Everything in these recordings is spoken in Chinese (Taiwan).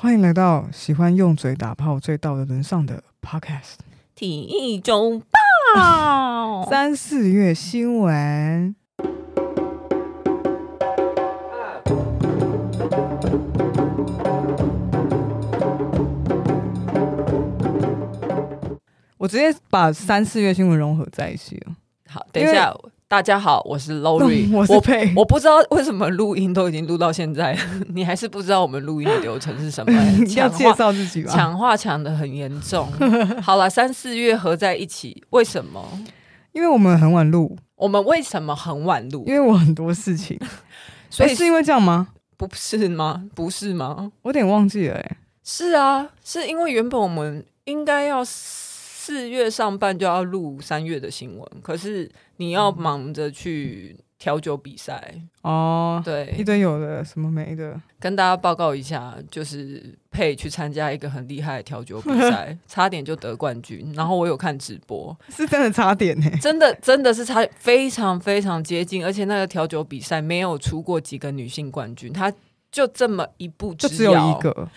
歡迎來到喜歡用嘴打炮，最道德淪喪的 podcast 體液週報 三四月新聞，啊。我直接把三四月新聞融合在一起了。好，等一下。大家好，我是 Lori，、嗯、我配，我不知道為什麼錄音都已經錄到現在， 你還是不知道我們錄音的流程是什麼、欸？你 要介紹自己吧？搶話搶得很嚴重。 好了，三四月合在一起，為什麼？因為我們很晚錄。我們為什麼很晚錄？因為我很多事情。 所以是因為這樣嗎？不是嗎？不是嗎？我有點忘記了、欸，哎。是啊，是因為原本我們應該要。四月上半就要錄三月的新聞，可是你要忙着去調酒比賽哦、嗯。對哦，一堆有的什麼沒的，跟大家報告一下，就是配去參加一個很厲害的調酒比賽， 差點就得冠軍。然後我有看直播，是真的差點呢、欸，真的真的是差非常非常接近，而且那個調酒比賽沒有出過幾個女性冠軍，她就這麼一步之遙，就只有一個。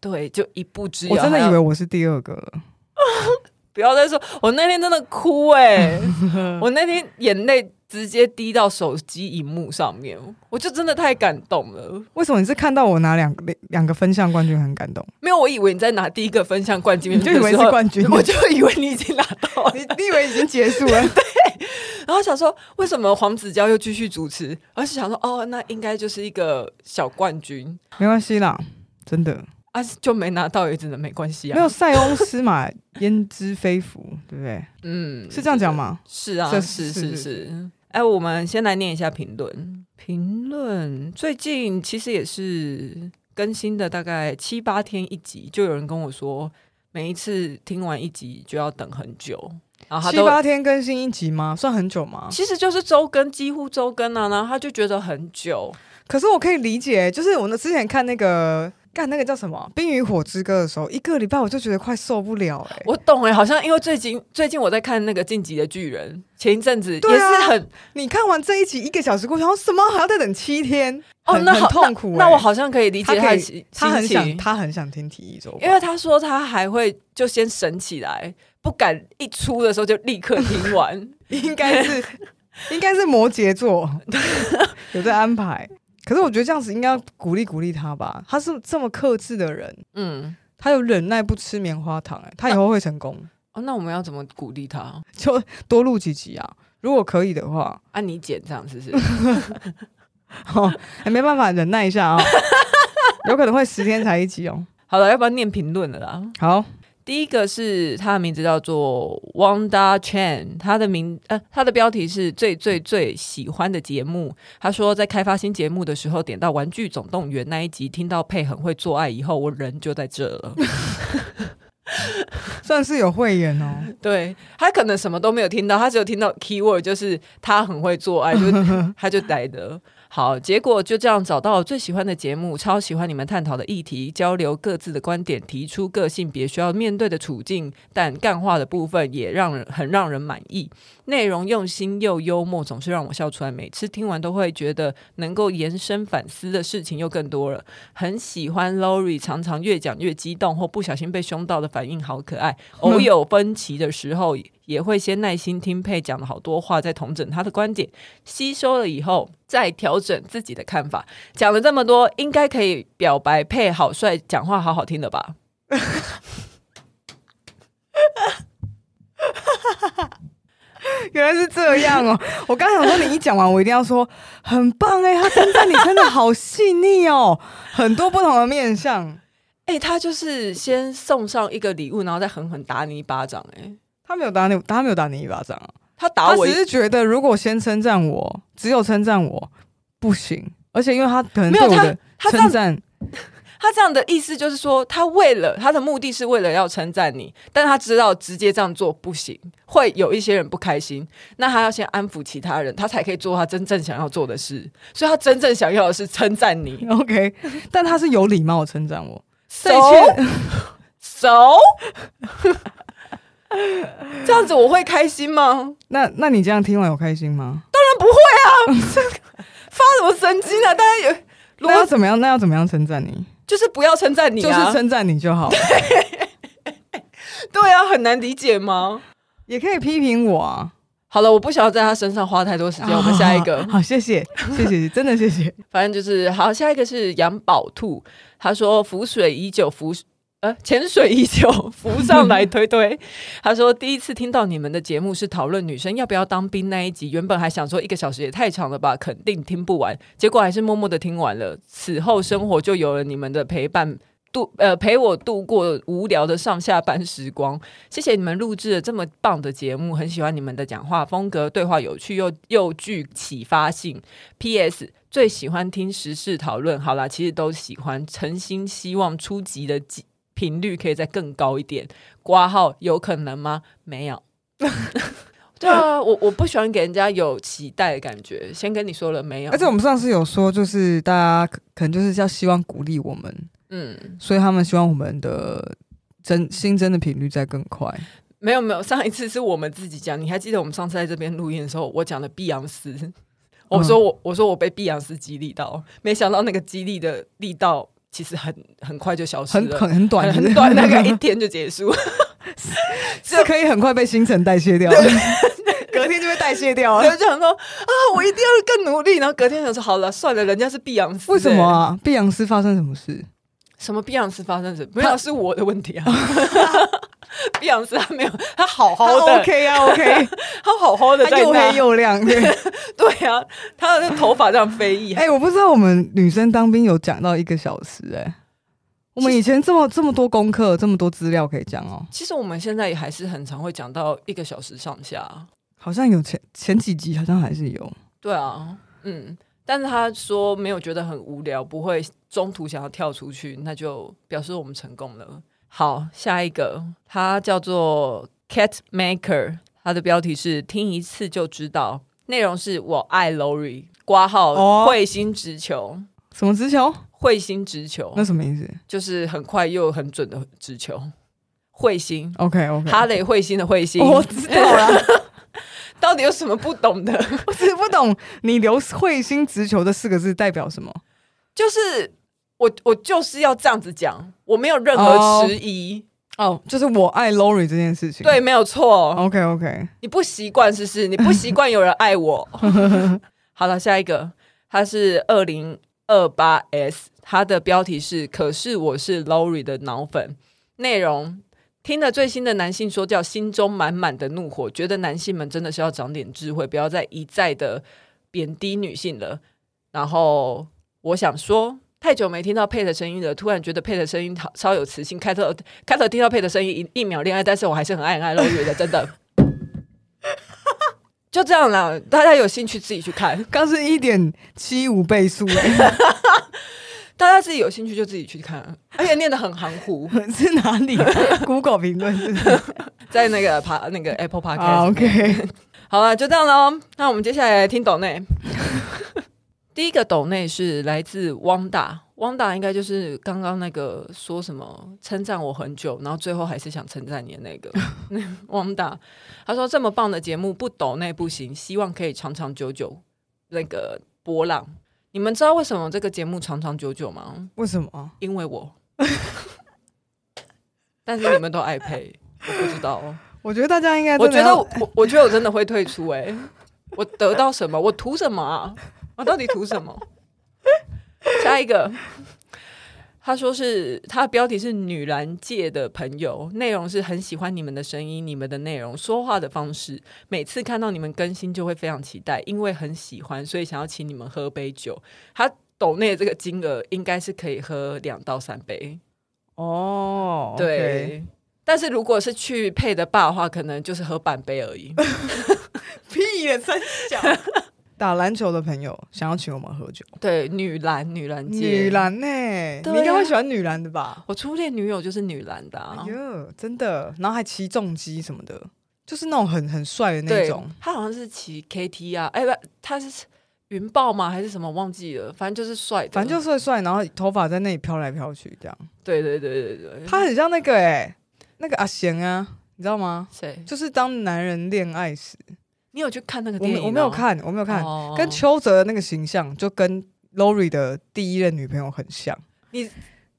對，就一步之遙，我真的以為我是第二個了。 不要再說，我那天真的哭哎、欸！ 我那天眼淚直接滴到手機熒幕上面，我就真的太感動了。為什麼你是看到我拿兩個兩個分項冠軍很感動？沒有，我以為你在拿第一個分項冠軍，你就以為是冠軍，我就以為你已經拿到了 你，你以為已經結束了。 對，然後想說為什麼黃子佼又繼續主持，而是想說哦，那應該就是一個小冠軍。沒關係啦，真的。啊，就沒拿到也只能沒關係啊。沒有，塞翁失馬，焉 知非福，對不對？嗯，是這樣講嗎？是啊，是，是是是。哎、欸，我們先來念一下評論。評論最近其實也是更新的，大概七八天一集，就有人跟我說，每一次聽完一集就要等很久。七八天更新一集嗎？算很久嗎？其實就是周更，幾乎周更啊，然後他就覺得很久。可是我可以理解，就是我們之前看那個。干那個叫什麼《冰與火之歌》的時候，一個禮拜我就覺得快受不了哎、欸！我懂哎、欸，好像因為最近最近我在看那個《進擊的巨人》，前一陣子也是很對、啊，你看完這一集一個小時過去，然後什麼還要再等七天，哦，那,好那很痛苦、欸那。那我好像可以理解他，他很想他很想聽體液週，因為他說他還會就先省起來，不敢一出的時候就立刻聽完， 應該該是 應該是摩羯座 有在安排。可是我覺得這樣子應該要鼓勵鼓勵他吧，他是這麼克制的人，嗯，他有忍耐不吃棉花糖、欸，他以後會成功、啊、哦。那我們要怎麼鼓勵他？就多錄幾集啊，如果可以的話。按、啊、你剪這樣是不是，好、 哦，還沒辦法忍耐一下啊、哦，有可能會十天才一集哦。好了，要不要念評論了啦？好。第一個是他的名字叫做 Wanda Chen，他的名呃，他的標題是最最最喜歡的節目。他說，在開發新節目的時候，點到《玩具總動員》那一集，聽到配很會做愛以後，我人就在這了， 算是有慧眼。哦。對，他可能什麼都沒有聽到，他只有聽到 keyword 就是他很會做愛，就是，他就呆的。 好，結果就這樣找到了最喜歡的節目，超喜歡你們探討的議題，交流各自的觀點，提出各性別需要面對的處境，但幹話的部分也讓人很讓人滿意。內容用心又幽默，總是讓我笑出來。每次聽完都會覺得能夠延伸反思的事情又更多了。很喜歡 Lori 常常越講越激動，或不小心被凶到的反應好可愛，嗯。偶有分歧的時候。也會先耐心聽佩講了好多話，再統整他的觀點，吸收了以後再調整自己的看法。講了這麼多，應該可以表白佩好帥，講話好好聽的吧？ 原來是這樣哦！ 我剛想說，你一講完，我一定要說很棒哎、欸，他真的，你真的好細膩哦， 很多不同的面相。哎、欸，他就是先送上一個禮物，然後再狠狠打你一巴掌哎、欸。他沒有打你，他沒有打你一巴掌啊。他打我一，他只是覺得如果先稱讚我，只有稱讚我不行。而且，因為他可能的沒有他，他這樣，他這樣的意思就是說，他為了他的目的是為了要稱讚你，但他知道直接這樣做不行，會有一些人不開心。那他要先安撫其他人，他才可以做他真正想要做的事。所以他真正想要的是稱讚你。OK，但他是有禮貌稱讚我，我。So, so? 這樣子我會開心嗎？那那你這樣聽完我開心嗎？當然不會啊！ 發什麼神經啊。大家有如果怎麼樣，那要怎麼樣稱讚你？就是不要稱讚你、啊，就是稱讚你就好。對, 對啊，很難理解嗎？ 也可以批評我、啊。好了，我不想要在他身上花太多時間、啊。我們下一個、啊好，好，謝謝，謝謝，真的謝謝。 反正就是好，下一個是楊寶兔，他說浮水已久浮。呃，潛水已久，浮上來推推。 他說：“第一次聽到你們的節目是討論女生要不要當兵那一集，原本還想說一個小時也太長了吧，肯定聽不完。結果還是默默的聽完了。此後生活就有了你們的陪伴，度呃陪我度過無聊的上下班時光。謝謝你們錄制了這麼棒的節目，很喜歡你們的講話風格，對話有趣又又具啟發性。P.S. 最喜歡聽時事討論。好啦，其實都喜歡，誠心希望出擊的幾頻率可以再更高一點，掛號有可能嗎？沒有。 對啊，我我不喜歡給人家有期待的感覺。先跟你說了，沒有。而且我們上次有說，就是大家可能就是要希望鼓勵我們，嗯，所以他們希望我們的增新增的頻率再更快。沒有沒有，上一次是我們自己講，你還記得我們上次在這邊錄音的時候，我講的碧昂絲，我說我我說我被碧昂絲激勵到，嗯，沒想到那個激勵的力道。其實很很快就消失，很很很短，很短，大概、那個、一天就結束 是就，是可以很快被新陳代謝掉。隔天就會代謝掉了，就謝掉了 然後就，就想說啊，我一定要更努力，然後隔天想說好了，算了，人家是碧昂絲，為什麼啊？碧昂絲發生什麼事？什麼碧昂斯發生什麼？不要是我的問題啊！碧昂斯他沒有，他好好的，OK 啊，OK，啊 他好好的他，他又黑又亮，對， 對啊，他的那頭髮這樣飛翼。哎、欸，我不知道我們女生當兵有講到一個小時哎、欸，我們以前這麼這麼多功課，這麼多資料可以講哦。其實我們現在也還是很常會講到一個小時上下，好像有前前幾集好像還是有。對啊，嗯。但是他說沒有覺得很無聊，不會中途想要跳出去，那就表示我們成功了。好，下一個，他叫做 Cat Maker，它的標題是聽一次就知道，內容是我愛 Lori，括號、oh. 彗星直球，什麼直球？彗星直球，那什麼意思？就是很快又很準的直球，彗星。OK OK，哈雷彗星的彗星，oh, 我知道了。 到底有什麼不懂的？我 只不,不懂你“留彗星直球”的四個字代表什麼？就是我，我就是要這樣子講，我沒有任何遲疑。哦、oh. oh,，就是我愛 Lori 這件事情，對，沒有錯。OK，OK，okay, okay. 你不習慣是是，你不習慣有人愛我。 好了，下一個，它是二零二八 S，它的標題是“可是我是 Lori 的腦粉”，內容。聽了最新的男性說教，心中滿滿的怒火，覺得男性們真的是要長點智慧，不要再一再的貶低女性了。然後我想說，太久沒聽到佩的聲音了，突然覺得佩的聲音超超有磁性。開頭開頭聽到佩的聲音一，一一秒戀愛，但是我還是很愛很愛露月的，真的。 就這樣了，大家有興趣自己去看，剛是一點七五倍速、欸。 大家自己有興趣就自己去看，而且念的很含糊，糊， 是哪裡、啊、？Google 評論是是 在那個爬那個 Apple Podcast，oh。OK， 好了，就這樣嘍。那我們接下來，來聽斗內。 第一個斗內是來自汪大，汪大應該就是剛剛那個說什麼稱讚我很久，然後最後還是想稱讚你的那個 汪大，他說，這麼棒的節目不斗內不行，希望可以長長久久那個波浪。你們知道為什麼這個節目長長久久嗎？為什麼？因為我。 但是你們都愛配， 我不知道喔。我覺得大家應該……我覺得我，我覺得我真的會退出欸。哎， 我得到什麼？我圖什麼啊？我到底圖什麼？ 下一個。他說是他的標題是女籃界的朋友，內容是很喜歡你們的聲音、你們的內容、說話的方式。每次看到你們更新就會非常期待，因為很喜歡，所以想要請你們喝杯酒。他抖內這個金額應該是可以喝兩到三杯哦。Oh, okay. 對，但是如果是去 Pay The Bar 的話，可能就是喝半杯而已。 屁眼三角。 打籃球的朋友想要請我們喝酒，對女籃，女籃，女籃呢、欸啊？你應該會喜歡女籃的吧？我初戀女友就是女籃的、啊，喲、哎，真的。然後還騎重機什麼的，就是那種很很帥的那種。他好像是騎 K T 啊，哎、欸、不，他是雲豹嗎？還是什麼忘記了？反正就是帥，反正就是帥。然後頭髮在那裡飄來飄去，這樣。對，對對對對對，他很像那個哎、欸，那個阿賢啊，你知道嗎？誰？就是當男人戀愛時。你有去看那個電影嗎？影我，我沒有看，我沒有看。哦、跟邱澤的那個形象，就跟 Lori 的第一任女朋友很像。你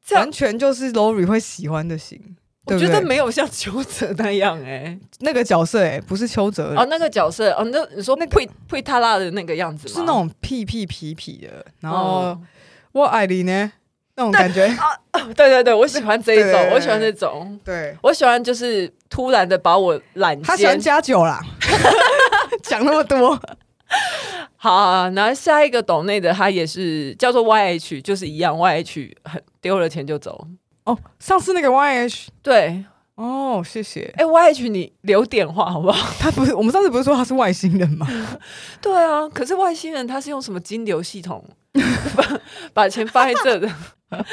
這完全就是 Lori 會喜歡的型。我覺得沒有像邱澤那樣哎、欸，那個角色哎、欸，不是邱澤。哦，那個角色哦，那你說那配配他拉的那個樣子，是那種屁屁 p p 的，然後我愛你呢那種感覺。對對對，我喜歡這種，我喜歡這種。對我喜歡就是突然的把我攬，他喜歡加酒啦。講 那麼多， 好、啊，那下一個島內的他也是叫做 YH，就是一樣 YH，丟了錢就走。哦，上次那個 YH，對哦，謝謝。哎、欸、，YH 你留電話好不好？他不是我們上次不是說他是外星人嗎？ 對啊，可是外星人他是用什麼金流系統把，把錢放在這的？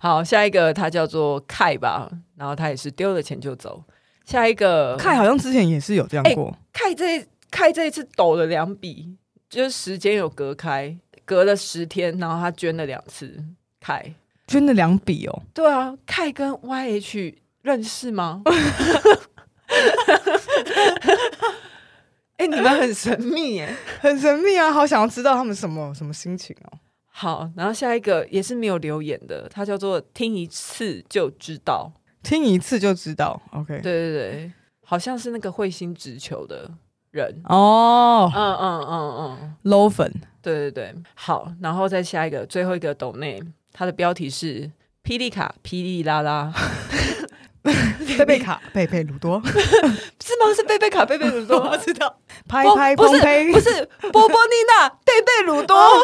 好，下一個他叫做 Kai 吧，然後他也是丟了錢就走。下一個 Kai 好像之前也是有這樣過、欸、，K 這。凱這一次抖了兩筆，就是時間有隔開，隔了十天，然後他捐了兩次，凱捐了兩筆哦。對啊，凱跟 YH 認識嗎？哎、 欸，你們很神秘耶、欸，很神秘啊，好想要知道他們什麼什麼心情哦、啊。好，然後下一個也是沒有留言的，他叫做聽一次就知道，聽一次就知道。OK，對對對，好像是那個彗星直球的。人哦、oh, 嗯，嗯嗯嗯嗯，l o e n 對對對，好，然後再下一個，最後一個抖內，它的標題是《霹靂卡》《霹靂拉拉》《貝貝卡》 霹霹卡《貝貝魯多》，是嗎？是貝貝卡貝貝魯多， 我知道？拍拍蓬佩，不是，不是波波妮娜貝貝魯多，oh.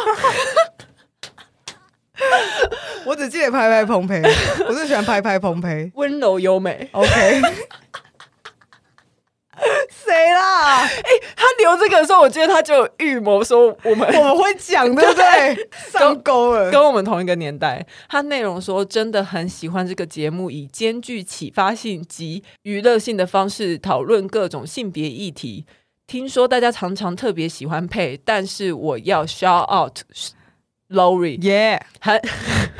我只記得拍拍蓬佩，我最喜歡拍拍蓬佩，溫柔優美，OK。誰啦？哎、欸，他留這個的時候，我覺得他就預謀，說我們 我們會講，對不對？ 上鈎了跟，跟我們同一個年代。他內容說，真的很喜歡這個節目，以兼具啟發性及娛樂性的方式討論各種性別議題。聽說大家常常特別喜歡配，但是我要 shout out Lori，耶、yeah.，很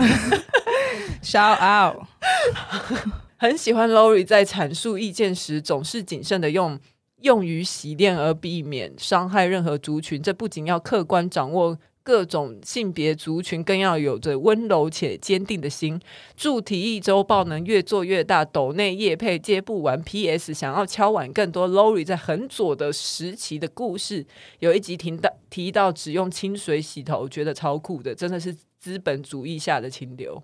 shout out， 很喜歡 Lori，在闡述意見時總是謹慎的用。用於洗練而避免傷害任何族群，這不僅要客觀掌握各種性別族群，更要有着溫柔且堅定的心。祝《體液周報》能越做越大。斗內業配接不完 PS，想要敲碗更多 Lori 在很左的時期的故事。有一集提到提到只用清水洗頭，覺得超酷的，真的是資本主義下的清流。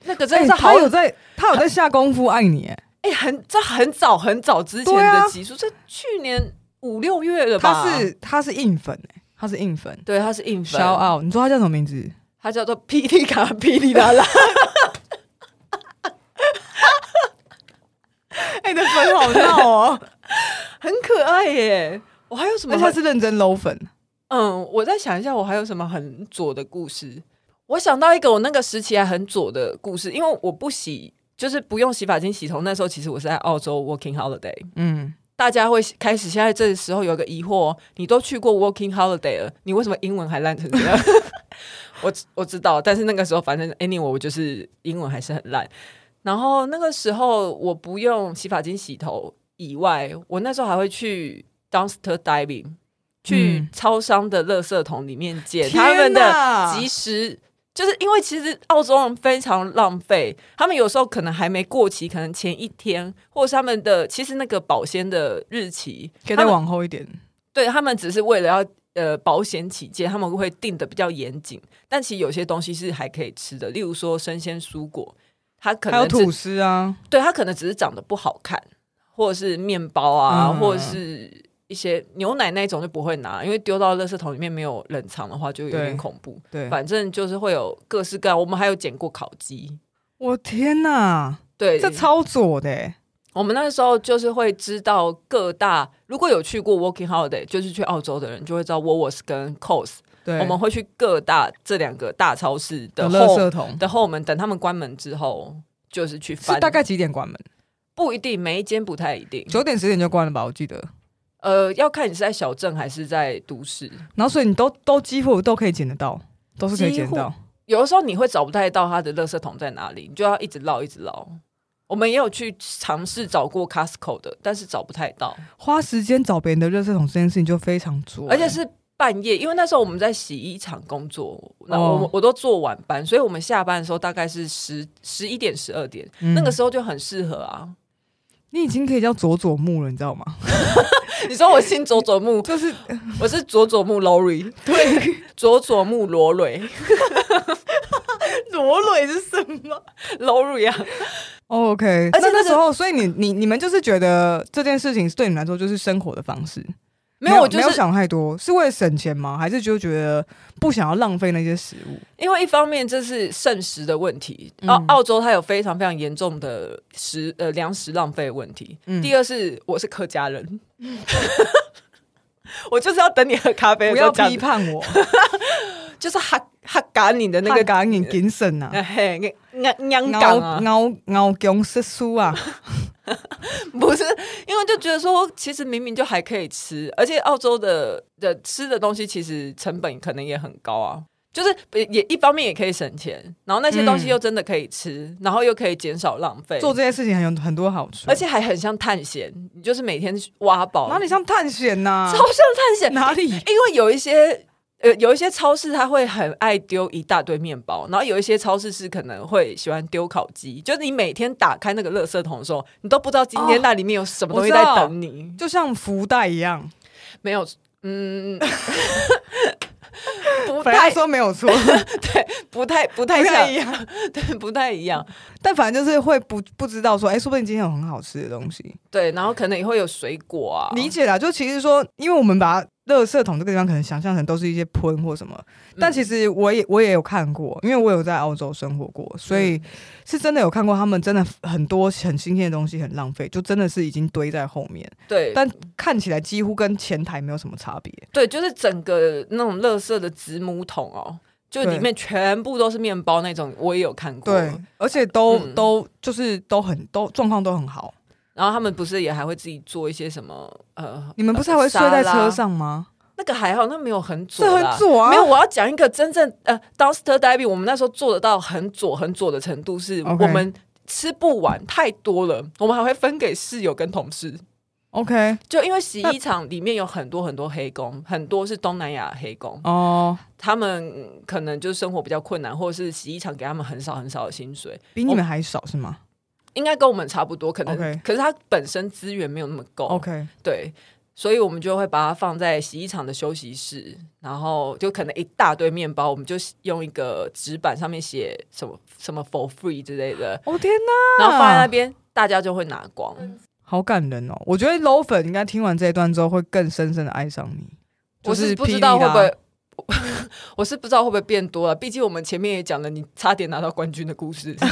哎、那個真是好、哎、有在他，他有在下功夫愛你。哎、欸，很很早很早之前的集數在去年五六月了吧？他是他是硬粉，哎、欸，他是硬粉，對，他是硬粉。小奧，你說他叫什麼名字？他叫做霹靂卡霹靂拉拉。你的粉好鬧哦， 很可愛耶、欸！我還有什麼？他是認真撈粉。嗯，我再想一下，我還有什麼很左的故事？我想到一個，我那個時期還很左的故事，因為我不喜。就是不用洗髮精洗頭，那時候其實我是在澳洲 working holiday。嗯，大家會開始現在這時候有個疑惑：你都去過 working holiday 了，你為什麼英文還爛成這樣？ 我我知道，但是那個時候反正 anyway 我就是英文還是很爛。然後那個時候我不用洗髮精洗頭以外，我那時候還會去 dumpster diving，去超商的垃圾桶裡面撿他們的即時。就是因為其實澳洲人非常浪費，他們有時候可能還沒過期，可能前一天或者是他們的其實那個保鮮的日期可以再往後一點。他對他們只是為了要呃保險起見，他們會定得比較嚴謹。但其實有些東西是還可以吃的，例如說生鮮蔬果，它可能還有吐司啊，對，它可能只是長得不好看，或者是麵包啊，嗯、或者是。一些牛奶那種就不會拿，因為丟到垃圾桶裡面沒有冷藏的話就有點恐怖。對，對反正就是會有各式各樣。我們還有撿過烤雞，我天哪！對，這超左的。我們那時候就是會知道各大，如果有去過 Working Holiday，就是去澳洲的人就會知道 w o w o r s 跟 c o s t 對，我們會去各大這兩個大超市的、home, 的垃圾桶，然後我們等他們關門之後，就是去。是大概幾點關門？不一定，每一間不太一定。九點十點就關了吧，我記得。呃，要看你是在小鎮還是在都市，然後所以你都都幾乎都可以撿得到，都是可以撿到。有的時候你會找不太到它的垃圾桶在哪裡，你就要一直繞，一直繞。我們也有去嘗試找過 Costco 的，但是找不太到。花時間找別人的垃圾桶這件事情就非常足，而且是半夜，因為那時候我們在洗衣廠工作，哦、那我我都做晚班，所以我們下班的時候大概是十十一點、十二點、嗯，那個時候就很適合啊。你已經可以叫佐佐木了，你知道嗎？ 你說我姓佐佐木，就是我是佐佐木 Lori 對，佐佐木羅蕊，羅 蕊是什麼？Lori 啊？OK。而且，那，那時候，那個、所以你你你們就是覺得這件事情對你們來說就是生活的方式。沒有，我沒有想太多，就是，是為了省錢嗎？還是就覺得不想要浪費那些食物？因為一方面這是剩食的問題，澳、嗯、澳洲它有非常非常嚴重的食呃糧食浪費問題，嗯。第二是我是客家人，嗯、 我就是要等你喝咖啡，不要批判我， 就是哈哈趕你的那個趕你節省啊，啊，嘿嘿，養養狗，熬熬窮吃素啊。 不是，因為就覺得說，其實明明就還可以吃，而且澳洲的的吃的東西其實成本可能也很高啊。就是也一方面也可以省錢，然後那些東西又真的可以吃，嗯、然後又可以減少浪費，做這件事情很有很多好處，而且還很像探險，你就是每天去挖寶。哪裡像探險呢、啊？超像探險，哪裡？因為有一些。有一些超市他會很愛丟一大堆麵包，然後有一些超市是可能會喜歡丟烤雞，就是你每天打開那個垃圾桶的時候，你都不知道今天那裡面有什麼東西在等你，哦、就像福袋一樣，沒有，嗯， 不太說沒有錯， 對，不太不太像，不太一樣， 對，不太一樣，但反正就是會不不知道說，哎，說不定今天有很好吃的東西，對，然後可能也會有水果啊，理解啦，就其實說，因為我們把它。垃圾桶這個地方可能想象成都是一些噴或什麼，但其實我也我也有看過，因為我有在澳洲生活過，所以是真的有看過他們真的很多很新鮮的東西很浪費，就真的是已經堆在後面。對，但看起來幾乎跟前台沒有什麼差別。對，就是整個那種垃圾的子母桶哦、喔，就裡面全部都是面包那種，我也有看過。對，而且都、嗯、都就是都很都狀況都很好。然後他們不是也還會自己做一些什麼？呃，你們不是還會睡在車上嗎？那個還好，那個、沒有很左，很左啊？沒有，我要講一個真正呃，當 dumpster diving 我們那時候做得到很左很左的程度是，是、okay. 我們吃不完太多了，我們還會分給室友跟同事。OK，就因為洗衣廠裡面有很多很多黑工，很多是東南亞黑工哦、嗯，他們可能就是生活比較困難，或者是洗衣廠給他們很少很少的薪水，比你們還少是嗎？應該跟我們差不多，可能、okay. 可是他本身資源沒有那麼夠，okay. 對，所以，我們就會把它放在洗衣廠的休息室，然後就可能一大堆面包，我們就用一個紙板上面寫什麼什麼 for free 之類的，哦、oh, 天哪，然後放在那邊，大家就會拿光、嗯，好感人哦！我覺得 low 粉應該聽完這一段之後會更深深的愛上你、就是，我是不知道會不會，我是不知道會不會變多了，畢竟我們前面也講了你差點拿到冠軍的故事。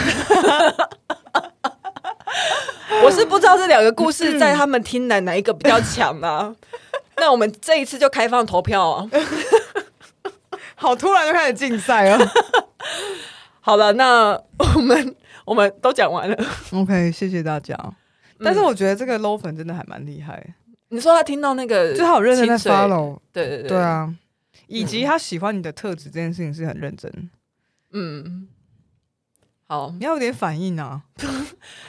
我是不知道這兩個故事，在他們聽來哪一個比較強啊？嗯、 那我們這一次就開放投票啊！ 好，突然就開始競賽啊。 好了，那我們我們都講完了。OK，謝謝大家。嗯、但是我覺得這個 low 粉真的還蠻厲害。你說他聽到那個最好認真在 follow，對對對對啊！以及他喜歡你的特質、嗯、這件事情是很認真。嗯。你、oh. 要有點反應啊！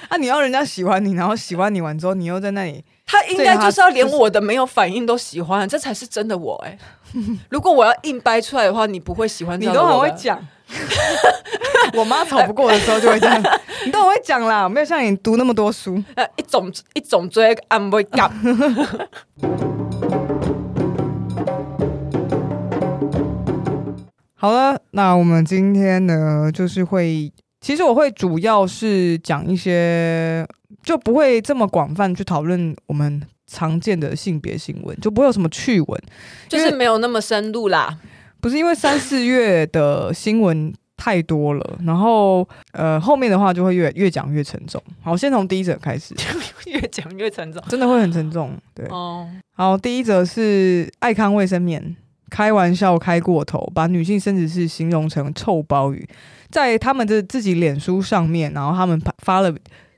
那、啊、你要人家喜歡你，然後喜歡你完之後，你又在那裡……他應該就是要連我的沒有反應都喜歡， 這才是真的我哎、欸。如果我要硬掰出來的話，你不會喜歡。你都很會講， 我媽吵不過我的時候就會這樣。你都很會講啦，沒有像你讀那麼多書。呃， 一種一種追，嗯， 不會講。好了，那我們今天呢，就是會。其實我會主要是講一些，就不會這麼廣泛去討論我們常見的性別新聞，就不會有什麼趣聞，就是沒有那麼深入啦。不是因為三四月的新聞太多了， 然後呃後面的話就會越越講越沉重。好，先從第一則開始， 越講越沉重，真的會很沉重。對，哦，好，第一則是愛康衛生棉，開玩笑開過頭，把女性生殖器形容成臭鮑魚。在他們的自己臉書上面，然後他們發了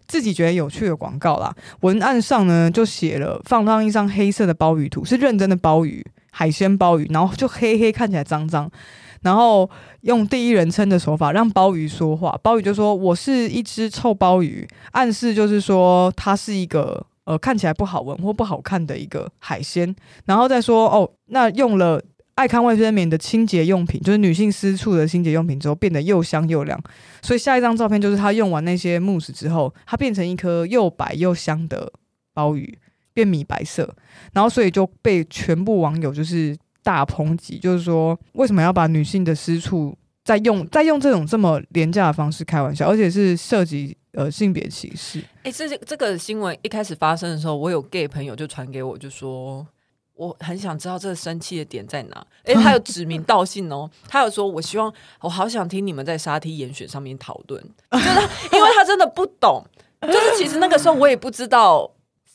自己覺得有趣的廣告啦。文案上呢，就寫了放上一張黑色的鮑魚圖，是認真的鮑魚，海鮮鮑魚，然後就黑黑，看起來髒髒。然後用第一人稱的手法讓鮑魚說話，鮑魚就說：“我是一隻臭鮑魚。”暗示就是說它是一個呃看起來不好聞或不好看的一個海鮮。然後再說哦，那用了。愛康衛生棉的清潔用品，就是女性私處的清潔用品之後，變得又香又涼。所以下一張照片就是她用完那些慕斯之後，她變成一顆又白又香的鮑魚，變米白色。然後，所以就被全部網友就是大抨擊，就是說為什麼要把女性的私處再用，再用這種這麼廉價的方式開玩笑，而且是涉及呃性別歧視。誒、欸，這這個新聞一開始發生的時候，我有 gay 朋友就傳給我就說。我很想知道這生氣的點在哪兒？哎、欸，他有指名道姓哦， 他有說，我希望我好想聽你們在沙 T 嚴選上面討論， 就是因為他真的不懂， 就是其實那個時候我也不知道，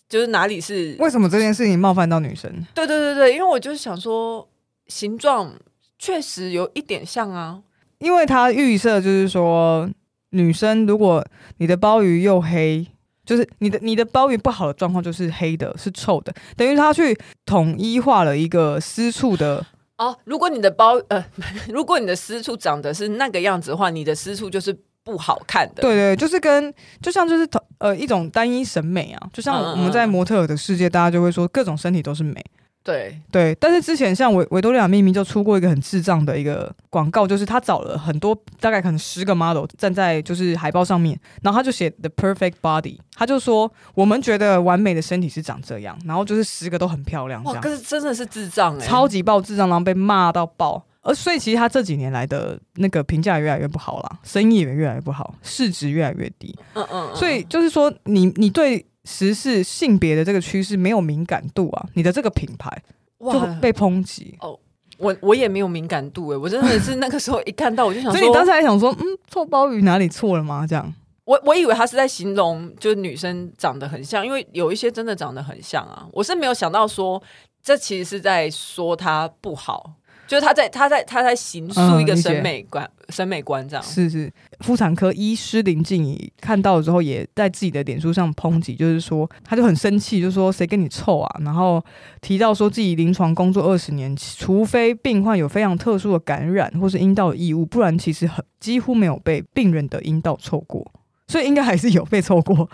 就是哪裡是為什麼這件事情冒犯到女生？對對對對，因為我就是想說，形狀確實有一點像啊，因為他預設就是說女生，如果你的鮑魚又黑。就是你的你的鮑魚不好的狀況就是黑的，是臭的，等於他去統一化了一個私處的哦。如果你的鮑、呃，如果你的私處長得是那個樣子的話，你的私處就是不好看的。對對，對，就是跟就像就是呃一種單一審美啊，就像我們在模特的世界嗯嗯，大家就會說各種身體都是美。對對，但是之前像維維多利亞秘密，就出過一個很智障的一個廣告，就是他找了很多大概可能十個 model 站在就是海報上面，然後他就寫 The Perfect Body，他就說我們覺得完美的身體是長這樣，然後就是十個都很漂亮這樣。哇，可是真的是智障欸，超級爆智障，然後被罵到爆。而所以其實他這幾年來的那個評價也越來越不好了，生意也越來越不好，市值越來越低。嗯嗯。所以就是說你，你你對。其實性別的這個趨勢沒有敏感度啊，你的這個品牌哇就被抨擊哦，oh, 我我也沒有敏感度哎、欸，我真的是那個時候一看到我就想說， 所以你當時還想說嗯臭鮑魚哪裡錯了嗎？這樣，我我以為他是在形容就是、女生長得很像，因為有一些真的長得很像啊，我是沒有想到說這其實是在說他不好。就是他在他在他在，他在形塑一個審美觀審、嗯、美觀這樣。是是婦產科醫師林靜怡看到之後也在自己的臉書上抨擊，就是說他就很生氣，就說誰跟你臭啊？然後提到說自己臨床工作二十年，除非病患有非常特殊的感染或是陰道異物，不然其實很幾乎沒有被病人的陰道臭過，所以應該還是有被臭過，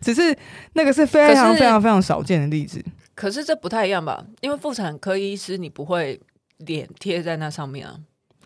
只是那個是非常非常非常少見的例子。可是，可是這不太一樣吧？因為婦產科醫師你不會。臉貼在那上面啊，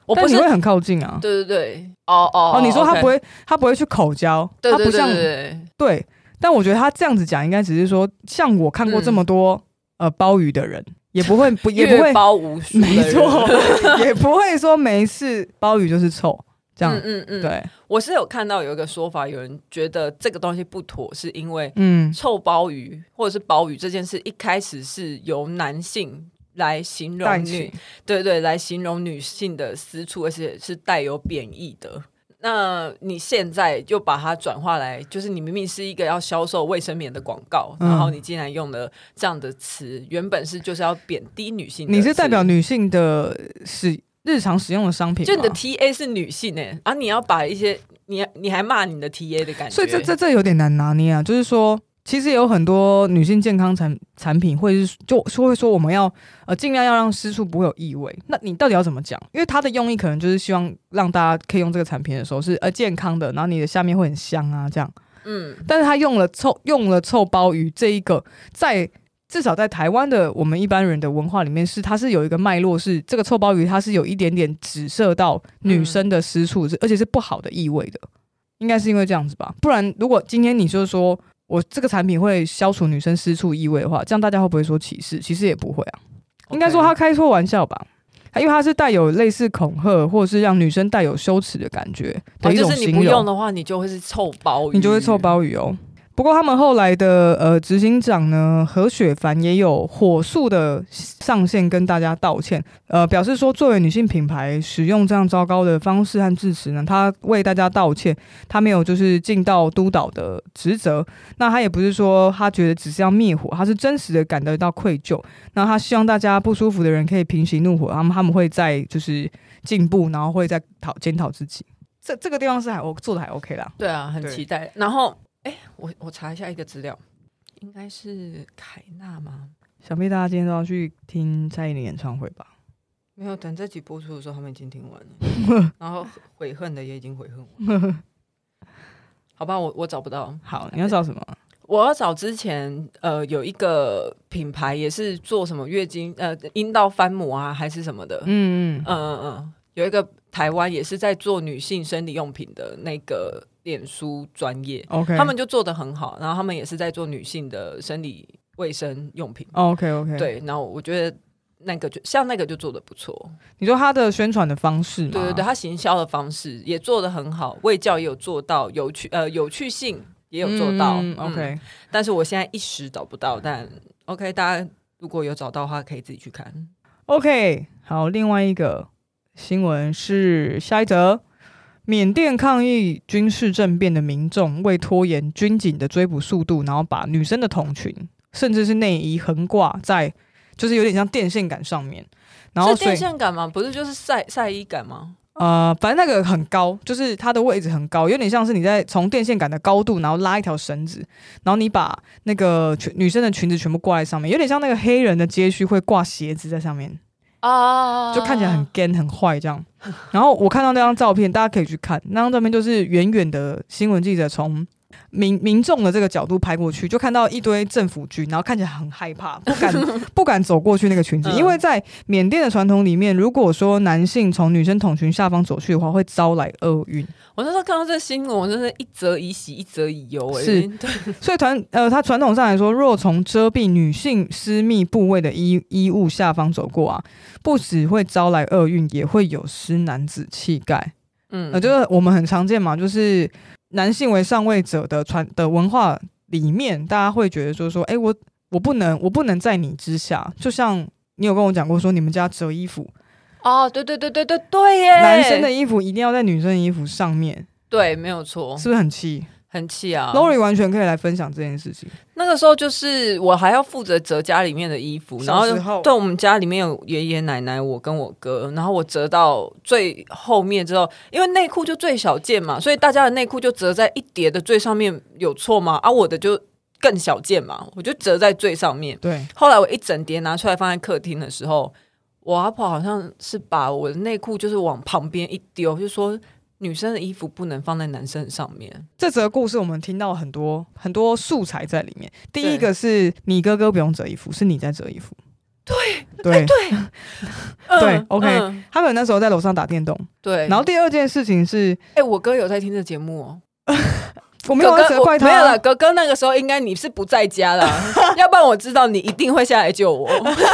我不是，但你會很靠近啊？對對對，哦、oh, 哦、oh, oh, 哦，你說他不會，okay. 他不會去口交，對對對對他不像對，但我覺得他這樣子講，應該只是說，像我看過這麼多、嗯、呃鮑魚的人，也不會不也不會包 無數，沒錯，也不會說沒事，鮑魚就是臭，這樣嗯嗯,嗯對，我是有看到有一個說法，有人覺得這個東西不妥，是因為臭嗯臭鮑魚或者是鮑魚這件事一開始是由男性。來形容女，對對，來形容女性的私處，而且是帶有貶義的。那你現在又把它轉化來，就是你明明是一個要銷售衛生棉的廣告，嗯、然後你竟然用了這樣的詞，原本是就是要貶低女性的詞。你是代表女性的使日常使用的商品，就你的 TA 是女性哎、欸，啊，你要把一些你你還罵你的 TA 的感覺，所以這這這有點難拿捏啊，就是說。其實有很多女性健康產產品，或者是就說會說我們要呃盡量要讓私處不會有異味。那你到底要怎麼講？因為他的用意可能就是希望讓大家可以用這個產品的時候是呃健康的，然後你的下面會很香啊這樣。嗯，但是他用了臭用了臭鮑魚這一個，在至少在台灣的我們一般人的文化裡面是，它是有一個脈絡是這個臭鮑魚它是有一點點指涉到女生的私處是、嗯、而且是不好的異味的，應該是因為這樣子吧？不然如果今天你就說。我這個產品會消除女生私處異味的話，這樣大家會不會說歧視？其實也不會啊，okay. 應該說他開錯玩笑吧，因為他是帶有類似恐嚇，或者是讓女生帶有羞恥的感覺。對、啊，就是你不用的話，你就會是臭鮑魚，你就會臭鮑魚哦。不過他們後來的呃，執行長呢，何雪凡也有火速的上線跟大家道歉，呃，表示說作為女性品牌，使用這樣糟糕的方式和字詞呢，他為大家道歉，他沒有就是盡到督導的職責。那他也不是說他覺得只是要滅火，他是真實的感得到愧疚。那他希望大家不舒服的人可以平息怒火，他們他們會再就是進步，然後會再討檢討自己。這這個地方是還 O 做得還 OK 啦。對啊，很期待。然後。哎、欸，我我查一下一個資料，應該是凱娜嗎？想必大家今天都要去聽蔡依林演唱會吧？沒有，等這集播出的時候，他們已經聽完了， 然後悔恨的也已經悔恨完 好吧，我我找不到。好，你要找什麼？我要找之前呃，有一個品牌也是做什麼月經呃陰道翻模啊，還是什麼的？嗯嗯嗯嗯嗯，有一個。台灣也是在做女性生理用品的那個臉書專頁，OK，他們就做得很好。然後他們也是在做女性的生理衛生用品，Oh，OK OK。對，然後我覺得那個就像那個就做得不錯。你說他的宣傳的方式，對對對，他行銷的方式也做得很好，衛教也有做到有趣，呃，有趣性也有做到，嗯，嗯，OK。但是我現在一時找不到，但 OK，大家如果有找到的話，可以自己去看。OK，好，另外一個。新聞是下一則：緬甸抗議軍事政變的民眾為拖延軍警的追捕速度，然後把女生的筒裙甚至是內衣橫掛在，就是有點像電線桿上面。是電線桿嗎？不是，就是曬曬衣杆嗎？呃，反正那個很高，就是它的位置很高，有點像是你在從電線桿的高度，然後拉一條繩子，然後你把那個女生的裙子全部掛在上面，有點像那個黑人的街區會掛鞋子在上面。 就看起來很幹很壞這樣，然後我看到那張照片，大家可以去看那張照片，就是遠遠的新聞記者從。民民眾的這個角度拍過去，就看到一堆政府軍，然後看起來很害怕，不敢不敢走過去那個裙子， 因為在緬甸的傳統裡面，如果說男性從女生筒裙下方走去的話，會招來厄運。我那時候看到這新聞，真是一則以喜，一則以憂、欸。是，所以傳呃，它傳統上來說，若從遮蔽女性私密部位的衣衣物下方走過啊，不只會招來厄運，也會有失男子氣概。嗯，我覺得我們很常見嘛，就是。男性為上位者的傳的文化裡面，大家會覺得說說，哎、欸，我我不能，我不能在你之下。就像你有跟我講過說，你們家折衣服啊、哦，對對對對對對耶，男生的衣服一定要在女生的衣服上面。對，沒有錯，是不是很氣？生氣啊！Lori 完全可以來分享這件事情。那個時候就是我還要負責折家裡面的衣服，然後對，我們家裡面有爺爺奶奶、我跟我哥，然後我折到最後面之後，因為內褲就最小件嘛，所以大家的內褲就折在一疊的最上面。有錯嗎？啊，我的就更小件嘛，我就折在最上面。對，後來我一整疊拿出來放在客廳的時候，我阿婆好像是把我的內褲就是往旁邊一丟，就說。女生的衣服不能放在男生上面。這則故事我們聽到很多很多素材在裡面。第一個是你哥哥不用折衣服，是你在折衣服。對，對，欸、對、 嗯，對。OK、嗯、他們那時候在樓上打電動。對。然後第二件事情是，哎、欸，我哥有在聽這節目哦。 我沒有哥哥，怪他沒有了哥哥。那個時候應該你是不在家的、啊， 要不然我知道你一定會下來救我。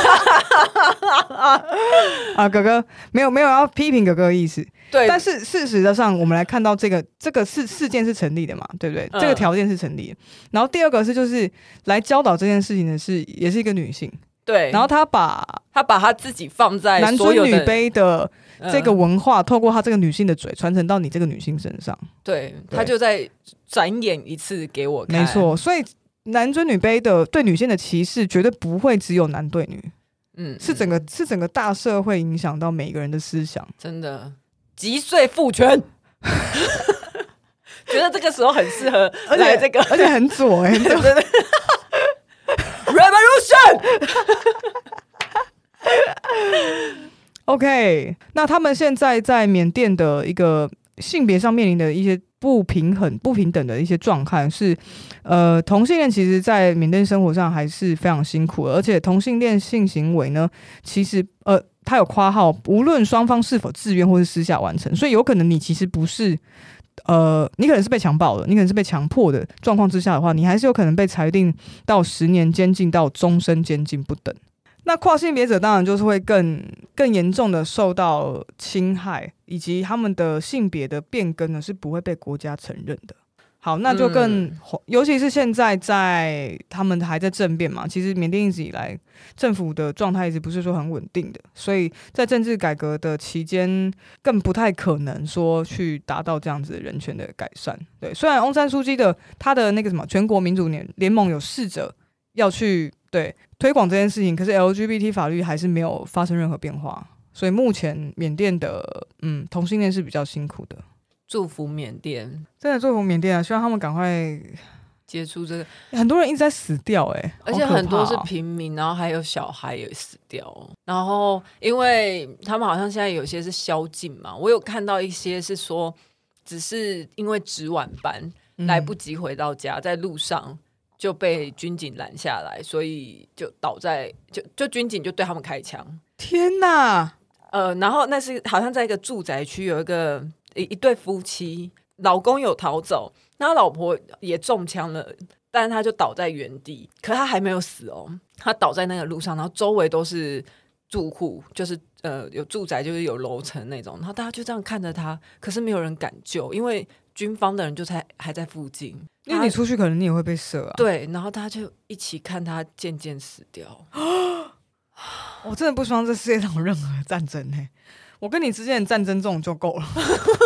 啊，哥哥，沒有沒有要批評哥哥的意思。對，但是事實的上，我們來看到這個這個事事件是成立的嘛？對不對？呃、這個條件是成立的。然後第二個是，就是來教導這件事情的是也是一個女性。對。然後她把她把她自己放在男尊女卑的這個文化，呃、透過她這個女性的嘴傳承到你這個女性身上。對。她就在轉眼一次給我看。沒錯。所以男尊女卑的對女性的歧視絕對不會只有男對女。嗯。是整個是整個大社會影響到每一個人的思想。真的。擊碎父權， 覺得這個時候很適合來這個，而且，而且很左哎、欸，對不對？Revolution。 OK，那他們現在在緬甸的一個性別上面臨的一些不平衡、不平等的一些狀況是，呃，同性戀其實，在緬甸生活上還是非常辛苦的，而且同性戀性行為呢，其實呃。他有括號，無論雙方是否自願或是私下完成，所以有可能你其實不是，呃，你可能是被強暴的，你可能是被強迫的狀況之下的話，你還是有可能被裁定到十年監禁到終身監禁不等。那跨性別者當然就是會更更嚴重的受到侵害，以及他們的性別的變更呢，是不會被國家承認的。好，那就更、嗯，尤其是現在在他們還在政變嘛，其實緬甸一直以來政府的狀態一直不是說很穩定的，所以在政治改革的期間更不太可能說去達到這樣子的人權的改善。對，雖然翁山書記的他的那個什麼全國民主聯聯盟有試着要去對推廣這件事情，可是 LGBT 法律還是沒有發生任何變化，所以目前緬甸的嗯同性戀是比較辛苦的。祝福緬甸，真的祝福緬甸啊！希望他們趕快結束這個、欸。很多人一直在死掉、欸，哎，而且、喔、很多是平民，然後還有小孩也死掉。然後因為他們好像現在有些是宵禁嘛，我有看到一些是說，只是因為值晚班、嗯、來不及回到家，在路上就被軍警攔下來，所以就倒在，就就軍警就對他們開槍。天哪，呃，然後那是好像在一個住宅區有一個。一一對夫妻，老公有逃走，那他老婆也中槍了，但是他就倒在原地，可他還沒有死哦，他倒在那個路上，然後周圍都是住戶，就是呃有住宅，就是有樓層那種，然後大家就這樣看着他，可是沒有人敢救，因為軍方的人就在還在附近，那你出去可能你也會被射啊。對，然後他就一起看他漸漸死掉。哦，我真的不希望這世界上有任何戰爭呢、欸。我跟你之間的戰爭這種就夠了，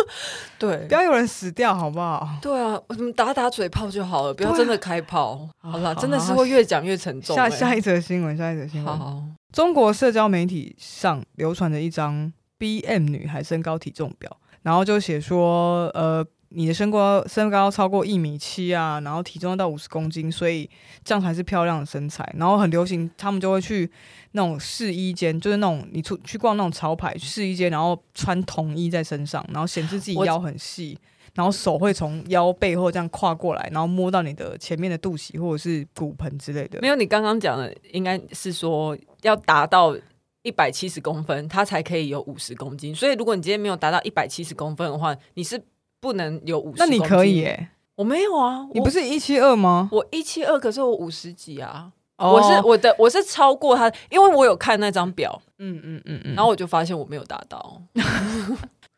對，不要有人死掉，好不好？對啊，我們打打嘴炮就好了，不要真的開炮，啊、好啦，真的是會越講越沉重，欸。下下一則新聞，下一則新聞。中國社交媒體上流傳着一張 BM 女孩身高體重表，然後就寫說，呃。你的身高要身高要超過一米七啊，然後體重到五十公斤，所以這樣才是漂亮的身材。然後很流行，他們就會去那種試衣間，就是那種你出去逛那種潮牌試衣間，然後穿童衣在身上，然後顯示自己腰很細，然後手會從腰背後這樣跨過來，然後摸到你的前面的肚臍或者是骨盆之類的。沒有，你剛剛講的應該是說要達到一百七十公分，它才可以有五十公斤。所以如果你今天沒有達到一百七十公分的話，你是。不能有五十。那你可以耶、欸？我沒有啊。你不是一七二嗎？我一七二，可是我五十幾啊、哦。我是我的，我是超過他，因為我有看那張表，嗯嗯嗯嗯。然後我就發現我沒有達到。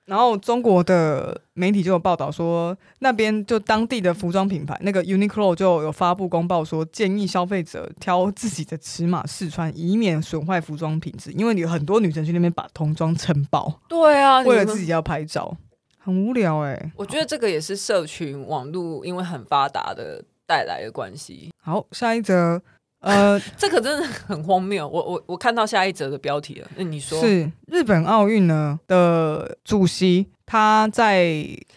然後中國的媒體就有報道說，那邊就當地的服裝品牌那個 Uniqlo 就有發布公報說，建議消費者挑自己的尺碼試穿，以免損壞服裝品質。因為你很多女生去那邊把童裝撐爆。對啊，為了自己要拍照。很無聊哎、欸，我覺得這個也是社群網絡因為很發達的帶來的關係。好，下一則，呃， 這個真的很荒謬。我我我看到下一則的標題了，那你說是日本奧運呢的主席，他在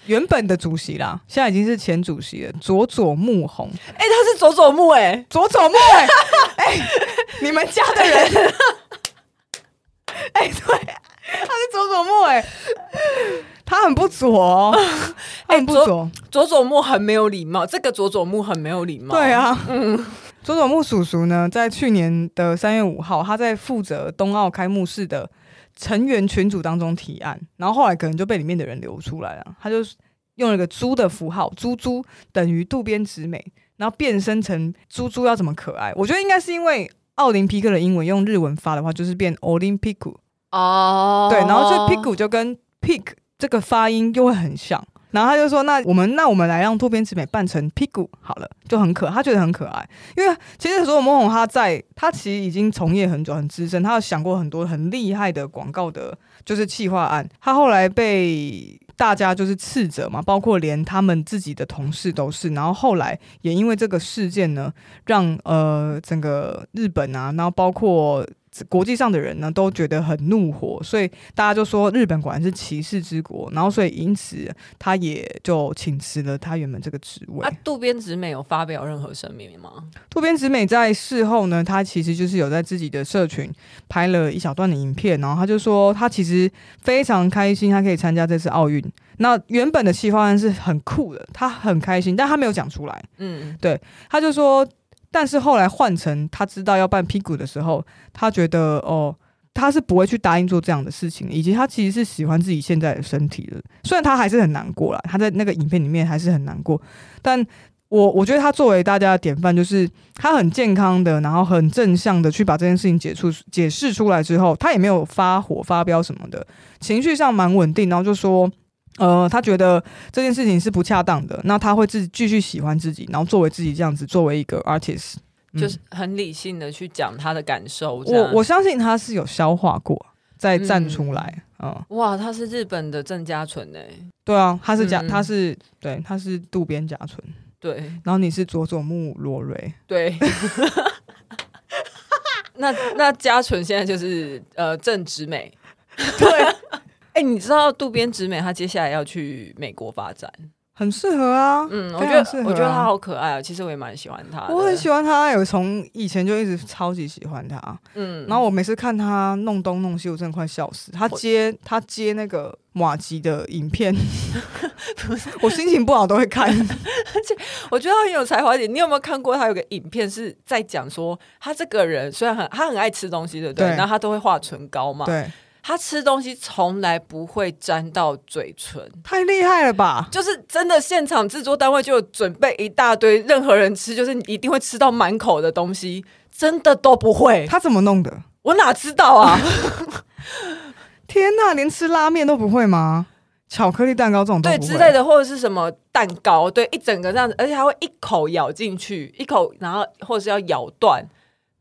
原本的主席啦，現在已經是前主席了，佐佐木宏哎、欸，他是佐佐木哎，佐佐木哎，你們家的人，哎、 欸，對，他是佐佐木哎。他很不左，哦他很不 欸、左，很不左。佐佐木很沒有禮貌，這個佐佐木很沒有禮貌。對啊，佐佐木叔叔呢，在去年的三月五號，他在負責東奧開幕式的成員群組當中提案，然後後來可能就被裡面的人流出來了。他就用了一個豬的符號，豬豬等於渡邊直美，然後變身成豬豬要怎麼可愛？我覺得應該是因為奧林匹克的英文用日文發的話，就是變 Olympic 哦、啊，對，然後所以匹克就跟 p i c 這個發音又會很像，然後他就說：“那我們那我們來讓渡邊直美扮成屁股好了，就很可，他覺得很可愛。因為其實佐藤宏他在他其實已經從業很久，很資深，他有想過很多很厲害的廣告的，就是企劃案。他後來被大家就是斥責嘛，包括連他們自己的同事都是。然後後來也因為這個事件呢，讓呃整個日本啊，然後包括。”國際上的人呢，都覺得很怒火，所以大家就說日本果然是歧視之國，然後所以因此他也就請辭了他原本這個職位。那渡邊直美有發表任何聲明嗎？渡邊直美在事後呢，他其實就是有在自己的社群拍了一小段的影片，然後他就說他其實非常開心，他可以參加這次奧運。那原本的企劃是很酷的，他很開心，但他沒有講出來。嗯，對，他就說。但是後來換成他知道要扮 Piggy 的時候，他覺得哦，他是不會去答應做這樣的事情，以及他其實是喜歡自己現在的身體的。雖然他還是很難過啦，他在那個影片裡面還是很難過，但我我覺得他作為大家的典範，就是他很健康的，然後很正向的去把這件事情解出解釋出來之後，他也沒有發火發飆什麼的，情緒上蠻穩定，然後就說。呃，他覺得這件事情是不恰當的，那他會自己繼續喜歡自己，然後作為自己這樣子，作為一個 artist，、嗯、就是很理性的去講他的感受。我我相信他是有消化過，再站出來。啊、嗯嗯，哇，他是日本的鄭家純呢？對啊，他是家、嗯，他是對，他是渡邊家純。對，然後你是佐佐木羅瑞。對。 那那家純現在就是呃鄭直美。對。 哎、欸，你知道渡邊直美她接下來要去美國發展，很適合啊。嗯，我覺得、啊、我覺得她好可愛啊。其實我也蠻喜歡她，我很喜歡她，有從以前就一直超級喜歡她。嗯，然後我每次看她弄東弄西，我真的快笑死。她接她接那個麻糬的影片， 不是 我心情不好都會看。 而且我覺得她很有才華一你有沒有看過她有個影片是在講說，她這個人雖然很她很愛吃東西，對不對？對，然後她都會畫唇膏嘛。對。他吃東西從來不會沾到嘴唇，太厲害了吧！就是真的，現場制作單位就準備一大堆，任何人吃就是一定會吃到滿口的東西，真的都不會。他怎麼弄的？我哪知道啊！ 天哪，連吃拉麵都不會嗎？巧克力蛋糕這種東西對之類的，或者是什麼蛋糕，對，一整個這樣子，而且他會一口咬進去，一口然後，或者是要咬斷，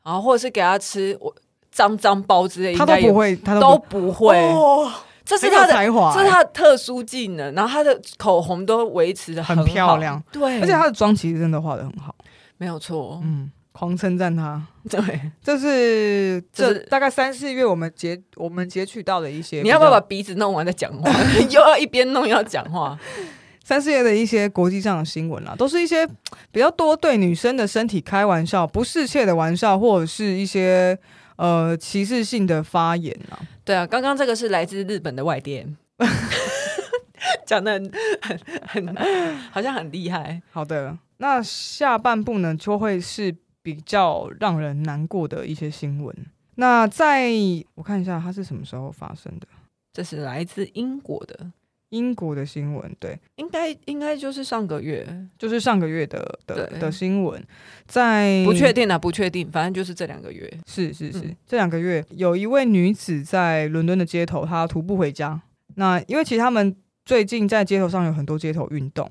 然後或者是給他吃我。髒髒包之類，他都不會，他都不，都不會，哦。這是他的才華，欸，這是他的特殊技能。然後他的口紅都維持的很，很漂亮，對。而且他的妝其實真的畫的很好，沒有錯。嗯，狂稱讚他。對，這是，這，是這大概三四月我們截我們截取到的一些。你要不要把鼻子弄完再講話？ 又要一邊弄又要講話？ 三四月的一些國際上的新聞啦，啊，都是一些比較多對女生的身體開玩笑，不適切的玩笑，或者是一些。呃，歧視性的發言啊。對啊，剛剛這個是來自日本的外電。 講得很，很，很，好像很厲害。好的，那下半部呢就會是比較讓人難過的一些新聞。那在我看一下，它是什麼時候發生的？這是來自英國的，英國的新聞，對，應該應該就是上個月，就是上個月的的的新聞，在不確定啊，不確定，反正就是這兩個月，是是是、嗯、這兩個月，有一位女子在倫敦的街頭，她徒步回家。那因為其實他們最近在街頭上有很多街頭運動，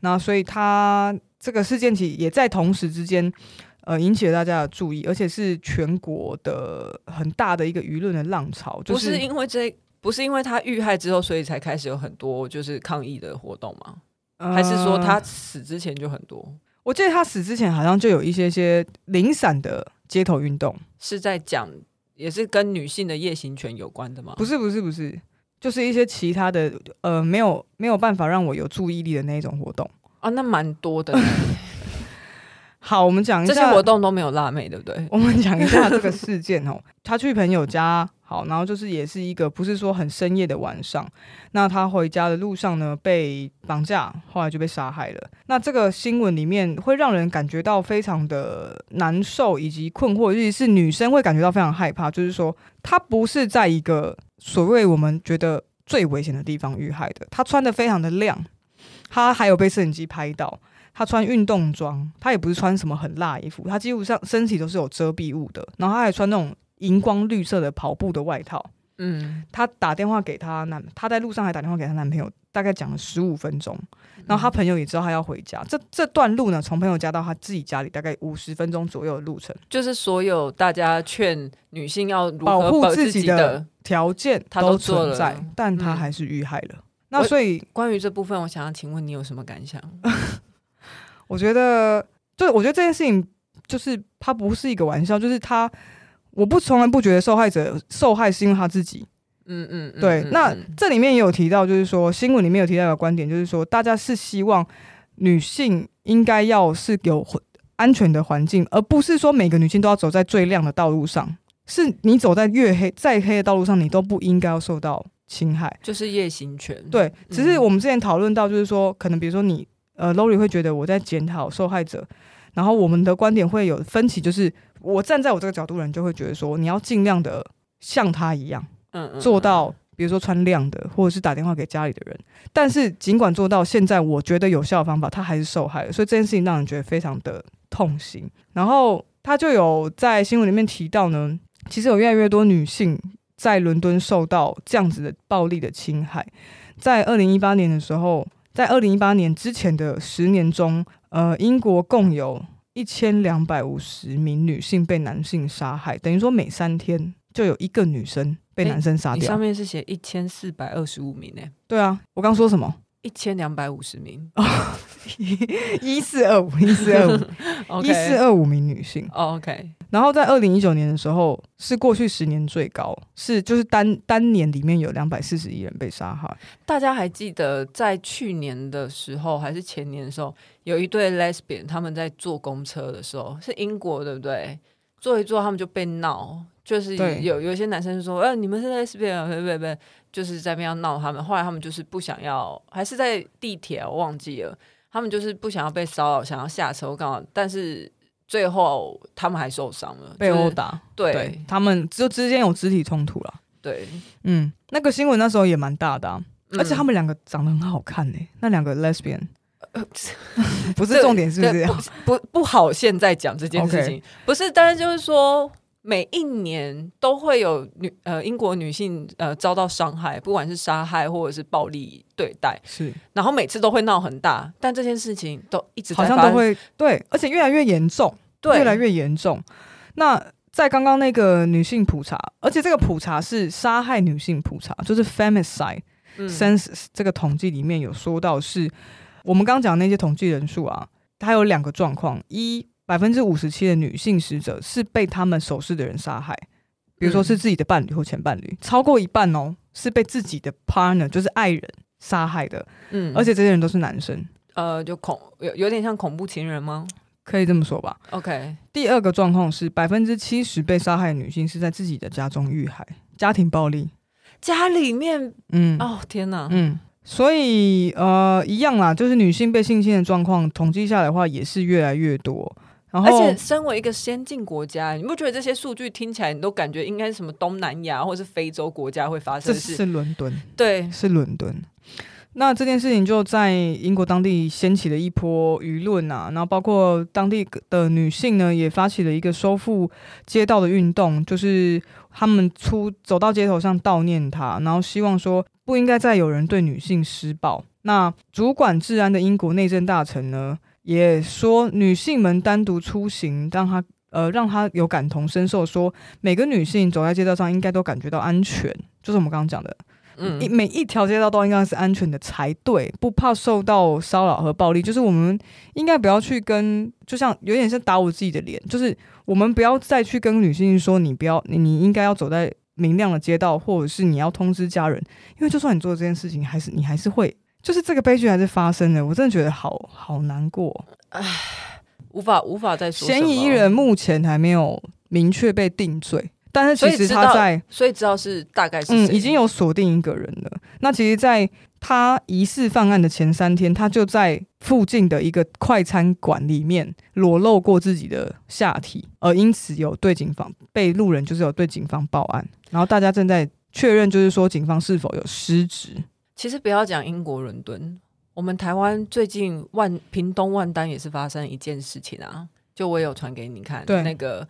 那所以她這個事件起也在同時之間，呃，引起了大家的注意，而且是全國的很大的一個輿論的浪潮，就是，不是因為這。不是因為他遇害之後，所以才開始有很多就是抗議的活動嗎、呃？還是說他死之前就很多？我記得他死之前好像就有一些些零散的街頭運動，是在講也是跟女性的夜行權有關的嗎？不是不是不是，就是一些其他的呃，沒有沒有辦法讓我有注意力的那一種活動啊，那蠻多的、那個。 好，我們講一下這些活動都沒有辣妹，對不對？我們講一下這個事件哦。他去朋友家，好，然後就是也是一個不是說很深夜的晚上。那他回家的路上呢，被綁架，後來就被殺害了。那這個新聞裡面會讓人感覺到非常的難受，以及困惑，尤其是女生會感覺到非常害怕。就是說，她不是在一個所謂我們覺得最危險的地方遇害的。她穿得非常的亮，她還有被攝影機拍到。她穿運動裝，她也不是穿什麼很辣衣服，她幾乎上身體都是有遮蔽物的。然後她還穿那種熒光綠色的跑步的外套。嗯，她打電話給她男，她在路上還打電話給她男朋友，大概講了十五分鐘。然後她朋友也知道她要回家。嗯、這這段路呢，從朋友家到她自己家裡，大概五十分鐘左右的路程。就是所有大家勸女性要如何保護自己的條件，她都存在，但她還是遇害了。嗯、那所以關於這部分，我想要請問你有什麼感想？ 我覺得，就我覺得這件事情，就是它不是一個玩笑，就是他，我不從來不覺得受害者受害是因為他自己，嗯嗯，對嗯。那這裡面也有提到，就是說新聞裡面有提到一個觀點，就是說大家是希望女性應該要是有安全的環境，而不是說每個女性都要走在最亮的道路上，是你走在越黑再黑的道路上，你都不應該要受到侵害，就是夜行權。對，嗯、只是我們之前討論到，就是說可能比如說你。呃，Lori 會覺得我在檢討受害者，然後我們的觀點會有分歧。就是我站在我這個角度，人就會覺得說，你要盡量的像他一樣，嗯，做到，比如說穿亮的，或者是打電話給家裡的人。但是，儘管做到現在我覺得有效的方法，他還是受害了，所以這件事情讓人覺得非常的痛心。然後他就有在新聞裡面提到呢，其實有越來越多女性在倫敦受到這樣子的暴力的侵害。在二零一八年的時候。在二零一八年之前的十年中，呃，英國共有一千兩百五十名女性被男性殺害，等於說每三天就有一個女生被男生殺掉。欸、你上面是寫一千四百二十五名呢、欸？對啊，我剛說什麼？一千兩百五十名哦，一四二五，一四二五，一四二五名女性。哦、oh, OK。然後在二零一九年的時候，是過去十年最高，是就是單單年裡面有兩百四十一人被殺害。大家還記得在去年的時候，還是前年的時候，有一對 lesbian 他們在坐公車的時候，是英國對不對？坐一坐，他們就被鬧，就是有有，有些男生就說：“哎、欸，你們是 lesbian？” 對不對，不對，就是在那邊要鬧他們。後來他們就是不想要，還是在地鐵，我忘記了，他們就是不想要被騷擾，想要下車。我剛好，但是。最後他們還受傷了，就是、被毆打。對，對他們就之間有肢體衝突了。對，嗯，那個新聞那時候也蠻大的、啊嗯，而且他們兩個長得很好看呢、欸，那兩個 lesbian。呃、 不是重點是，不是這樣子，不不，不好現在講這件事情。Okay. 不是，但是就是說，每一年都會有女呃英國女性呃遭到傷害，不管是殺害或者是暴力對待，是。然後每次都會鬧很大，但這件事情都一直好像都會對，而且越來越嚴重。對，越來越嚴重。那在剛剛那個女性普查，而且這個普查是殺害女性普查，就是 femicide、嗯、census 這個統計裡面有說到是，是我們剛剛講那些統計人數啊，它有兩個狀況：一，百分之五十七的女性死者是被他們熟識的人殺害，比如說是自己的伴侶或前伴侶，超過一半哦是被自己的 partner 就是愛人殺害的。嗯，而且這些人都是男生。呃，就恐有有點像恐怖情人嗎？可以這麼說吧。OK，第二個狀況是百分之七十被殺害的女性是在自己的家中遇害，家庭暴力，家裡面，嗯，哦，天哪，嗯，所以呃，一樣啦，就是女性被性侵的狀況統計下來的話，也是越來越多。然後，而且身為一個先進國家，你不覺得這些數據聽起來，你都感覺應該是什麼東南亞或是非洲國家會發生？這是倫敦，對，是倫敦。那這件事情就在英國當地掀起了一波輿論啊，然後包括當地的女性呢，也發起了一個收復街道的運動，就是他們出，走到街頭上悼念她，然後希望說不應該再有人對女性施暴。那主管治安的英國內政大臣呢，也說女性們單獨出行，讓她呃讓她有感同身受，說每個女性走在街道上應該都感覺到安全，就是我們剛剛講的。嗯，每一條街道都應該是安全的才對，不怕受到騷擾和暴力。就是我們應該不要去跟，就像有點像打我自己的臉，就是我們不要再去跟女性說你不要，你應該要走在明亮的街道，或者是你要通知家人，因為就算你做這件事情，還是你還是會，就是這個悲劇還是發生的。我真的覺得好好難過，唉、啊，無法無法再說。嫌疑人目前還沒有明確被定罪。但是其實他在，所以知道，所以知道是大概是誰？嗯，已經有鎖定一個人了。那其實，在他疑似犯案的前三天，他就在附近的一個快餐館裡面裸露過自己的下體，而因此有對警方被路人就是有對警方報案，然後大家正在確認，就是說警方是否有失職。其實不要講英國倫敦，我們台灣最近萬屏東萬丹也是發生一件事情啊，就我也有傳給你看對，那個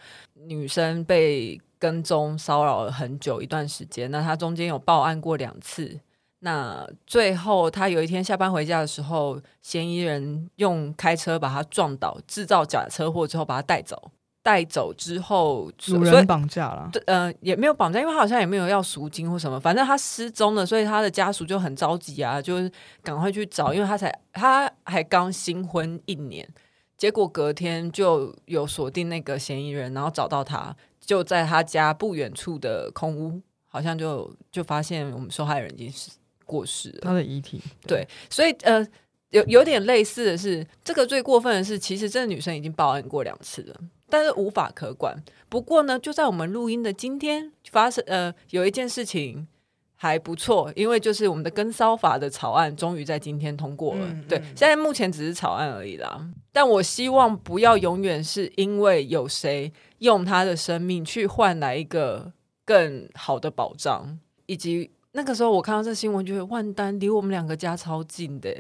女生被。跟蹤騷擾了很久一段時間，那他中間有報案過兩次。那最後他有一天下班回家的時候，嫌疑人，用開車把他撞倒，製造假車禍之後把他帶走。帶走之後，主人綁架了，對。呃，也沒有綁架，因為他好像也沒有要贖金或什麼。反正他失蹤了，所以他的家屬就很着急啊，就趕快去找。因為他才、他還剛新婚一年，結果隔天就有鎖定那個嫌疑人，然後找到他。就在他家不遠處的空屋，好像就就發現我們受害人已經是過世了。他的遺體對，對，所以呃，有有點類似的是，這個最過分的是，其實這個女生已經報案過兩次了，但是無法可管。不過呢，就在我們錄音的今天發生，呃，有一件事情還不錯，因為就是我們的跟騷法的草案終於在今天通過了，嗯。對，現在目前只是草案而已啦，但我希望不要永遠是因為有誰。用他的生命去換來一個更好的保障，以及那個時候我看到這新聞，覺得萬丹離我們兩個家超近的。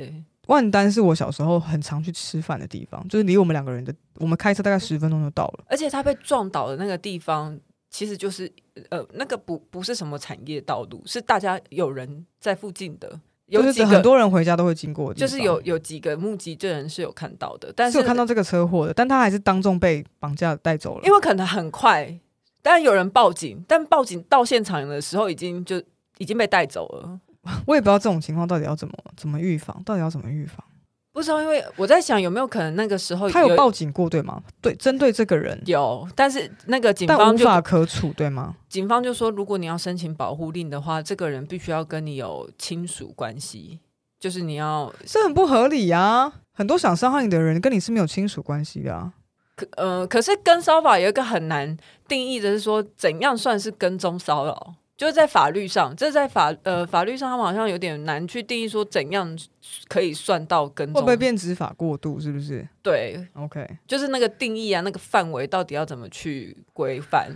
萬丹是我小時候很常去吃飯的地方，就是離我們兩個人的，我們開車大概十分鐘就到了。而且他被撞倒的那個地方，其實就是呃，那個不不是什麼產業道路，是大家有人在附近的。有幾，就是很多人回家都會經過的，就是有有幾個目擊證人是有看到的，但是，是有看到這個車禍的，但他還是當眾被綁架帶走了，因為可能很快，但有人報警，但報警到現場的時候已經就已經被帶走了， 我也不知道這種情況到底要怎麼怎麼預防，到底要怎麼預防。不知道，因為我在想有沒有可能那個時候有他有報警過，對嗎？對，針對這個人有，但是那個警方就無法可處，對嗎？警方就說，如果你要申請保護令的話，這個人必須要跟你有親屬關係，就是你要這很不合理啊！很多想傷害你的人跟你是沒有親屬關係的啊。可呃，可是跟騷法有一個很難定義的是說，怎樣算是跟蹤騷擾？就是在法律上，這在法、呃、法律上，他們好像有點難去定義，說怎樣可以算到跟蹤，會不會變執法過度？是不是？對，OK，就是那個定義啊，那個範圍到底要怎麼去規範？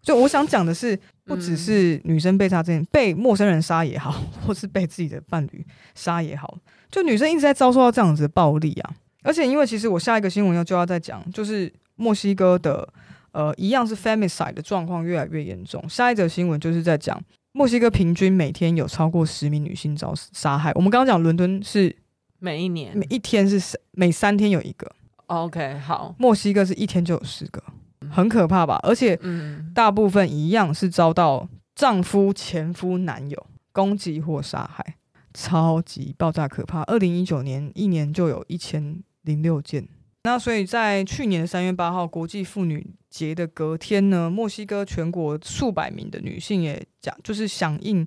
就我想講的是，不只是女生被殺，這、嗯、樣被陌生人殺也好，或是被自己的伴侶殺也好，就女生一直在遭受到這樣子的暴力啊。而且因為其實我下一個新聞要就要再講，就是墨西哥的。呃，一樣是 femicide 的狀況越來越嚴重。下一則新聞就是在講墨西哥平均每天有超過十名女性遭殺害。我們剛剛講倫敦是每一，是每一年每一天是三每三天有一個，OK，好。墨西哥是一天就有十個，很可怕吧？而且大部分一樣是遭到丈夫、前夫、男友攻擊或殺害，超級爆炸可怕。二零一九年一年就有一千零六件。那所以，在去年的三月八號，國際婦女節的隔天呢，墨西哥全國數百名的女性也講，就是響應，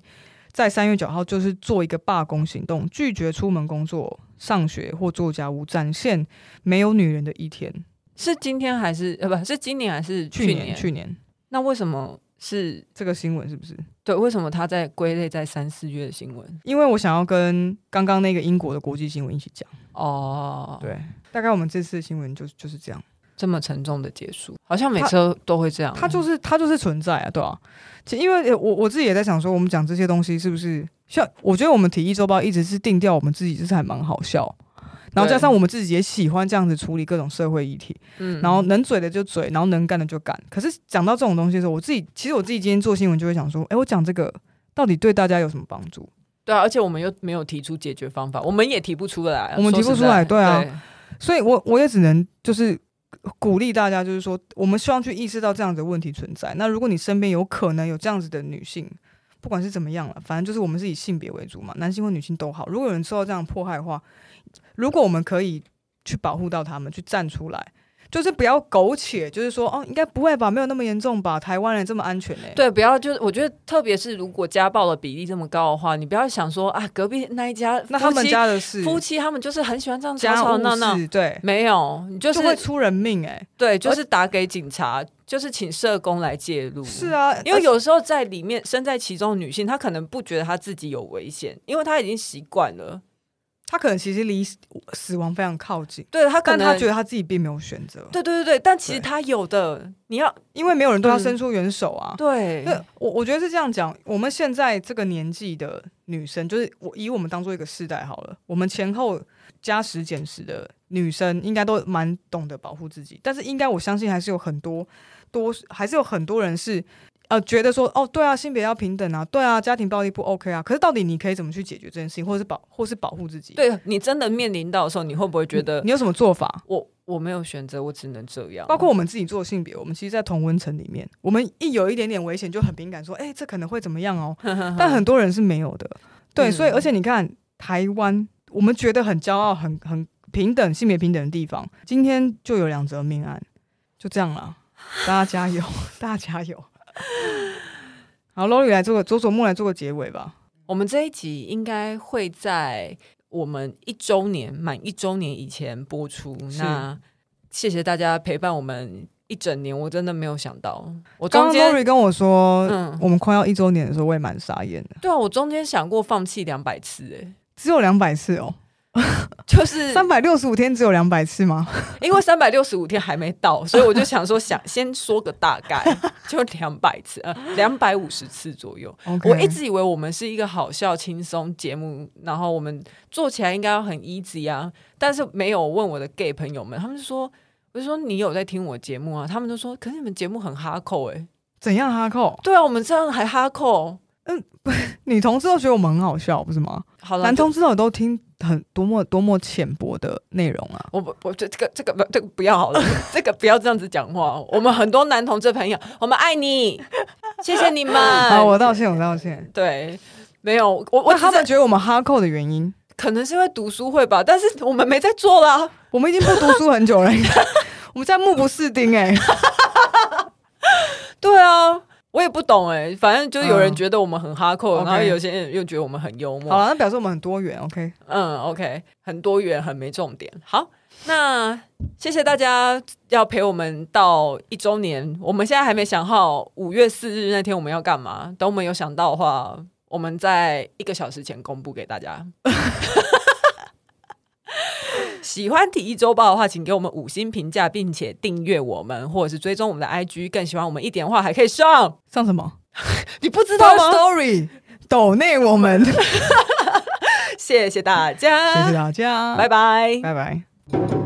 在三月九號就是做一個罷工行動，拒絕出門工作、上學或做家務，展現沒有女人的一天。是今天還是呃，不是今年還是去年？去年。去年。那為什麼？是這個新聞是不是？對，為什麼它在歸類在三四月的新聞？因為我想要跟剛剛那個英國的國際新聞一起講。哦，oh，對，大概我們這次的新聞就就是這樣，這麼沉重的結束，好像每次都會這樣。它，它就是它就是存在啊，對啊。其實因為我我自己也在想說，我們講這些東西是不是？像我覺得我們《體液週報》一直是定調，我們自己就是還蠻好笑。然後加上我們自己也喜歡這樣子處理各種社會議題，嗯，然後能嘴的就嘴，然後能幹的就幹。可是講到這種東西的時候，我自己其實我自己今天做新聞就會想說，哎，我講這個到底對大家有什麼幫助？對啊，而且我們又沒有提出解決方法，我們也提不出來，我們提不出來，對啊。對。所以我，我我也只能就是鼓勵大家，就是說，我們希望去意識到這樣子的問題存在。那如果你身邊有可能有這樣子的女性，不管是怎麼樣了，反正就是我們是以性別為主嘛，男性或女性都好。如果有人受到這樣的迫害的話，如果我們可以去保護到他們，去站出來，就是不要苟且，就是說哦，應該不會吧，沒有那麼嚴重吧，把台灣人這麼安全嘞、欸。對，不要就是我覺得，特別是如果家暴的比例這麼高的話，你不要想說啊，隔壁那一家那他們家的是家務事，夫妻他們就是很喜歡這樣吵吵鬧鬧，對，沒有，你就是就會出人命哎、欸，對，就是打給警察。就是請社工來介入，是啊，因為有時候在裡面身在其中的女性，她可能不覺得她自己有危險，因為她已經習慣了，她可能其實離死亡非常靠近，對，她可能她覺得她自己並沒有選擇，對對對對，但其實她有的，你要因為沒有人對她伸出援手啊，嗯，對，那我我覺得是這樣講，我們現在這個年紀的女生，就是我以我們當做一個世代好了，我們前後加十減十的女生，應該都蠻懂得保護自己，但是應該我相信還是有很多。多還是有很多人是呃、覺得說哦，對啊，性別要平等啊，對啊，家庭暴力不 OK 啊，可是到底你可以怎麼去解決這件事情，或者是保或是保護自己，對你真的面臨到的時候，你會不會覺得、嗯、你有什麼做法？我我沒有選擇，我只能這樣。包括我們自己做性別我們其實，在同溫層裡面，我們一有一點點危險就很敏感說，說、欸、哎，這可能會怎麼樣哦、喔。但很多人是沒有的， 對，所以而且你看台灣，我們覺得很驕傲、很很平等、性別平等的地方，今天就有兩則命案，就這樣了。大家加油，大家加油！好，Lori 來做個佐佐木來做個結尾吧。我們這一集應該會在我們一周年滿一周年以前播出。那謝謝大家陪伴我們一整年，我真的沒有想到。我剛剛 Lori 跟我說，嗯，我們快要一周年的時候，我也蠻傻眼的。對啊，我中間想過放棄兩百次、欸，哎，只有兩百次哦？就是三百六十五天只有兩百次嗎？因為三百六十五天還沒到， 所以我就想說，想先說個大概， 就兩百次，呃，兩百五十次左右。Okay. 我一直以為我們是一個好笑輕鬆節目，然後我們做起來應該要很 easy 啊。但是沒有問我的 gay 朋友們，他們就說，我就說你有在聽我節目啊？他們都說，可是你們節目很哈扣哎，怎樣哈扣？對啊，我們這樣還哈扣。嗯不，女同志都覺得我們很好笑，不是嗎？好了，男同志我都聽很多麼多麼淺薄的內容啊！我不，我這這個這個不，這個、不要好了， 這個不要這樣子講話。 我們很多男同志朋友，我們愛你， 謝謝你們。好，我道歉，我道歉。對，沒有，我我在他們覺得我們哈扣的原因，可能是因為讀書會吧，但是我們沒在做啦。 我們已經不讀書很久了， 我們在目不識丁哎、欸。 對啊。我也不懂哎、欸，反正就有人覺得我們很哈扣、嗯，然後有些人又覺得我們很幽默。好了，那表示我們很多元，OK？嗯，OK，很多元，很沒重點。好，那謝謝大家要陪我們到一周年。我們現在還沒想好五月四日那天我們要幹嘛，等我們有想到的話，我們在一個小時前公布給大家。 喜歡體液週報的話，請給我們五星評價，並且訂閱我們，或者是追蹤我們的 IG。更喜歡我們一點話，還可以上上什麼？ 你不知道嗎？、Firstory 鬥 內 Donate 我們 謝謝大家，謝謝大家，拜拜，拜拜。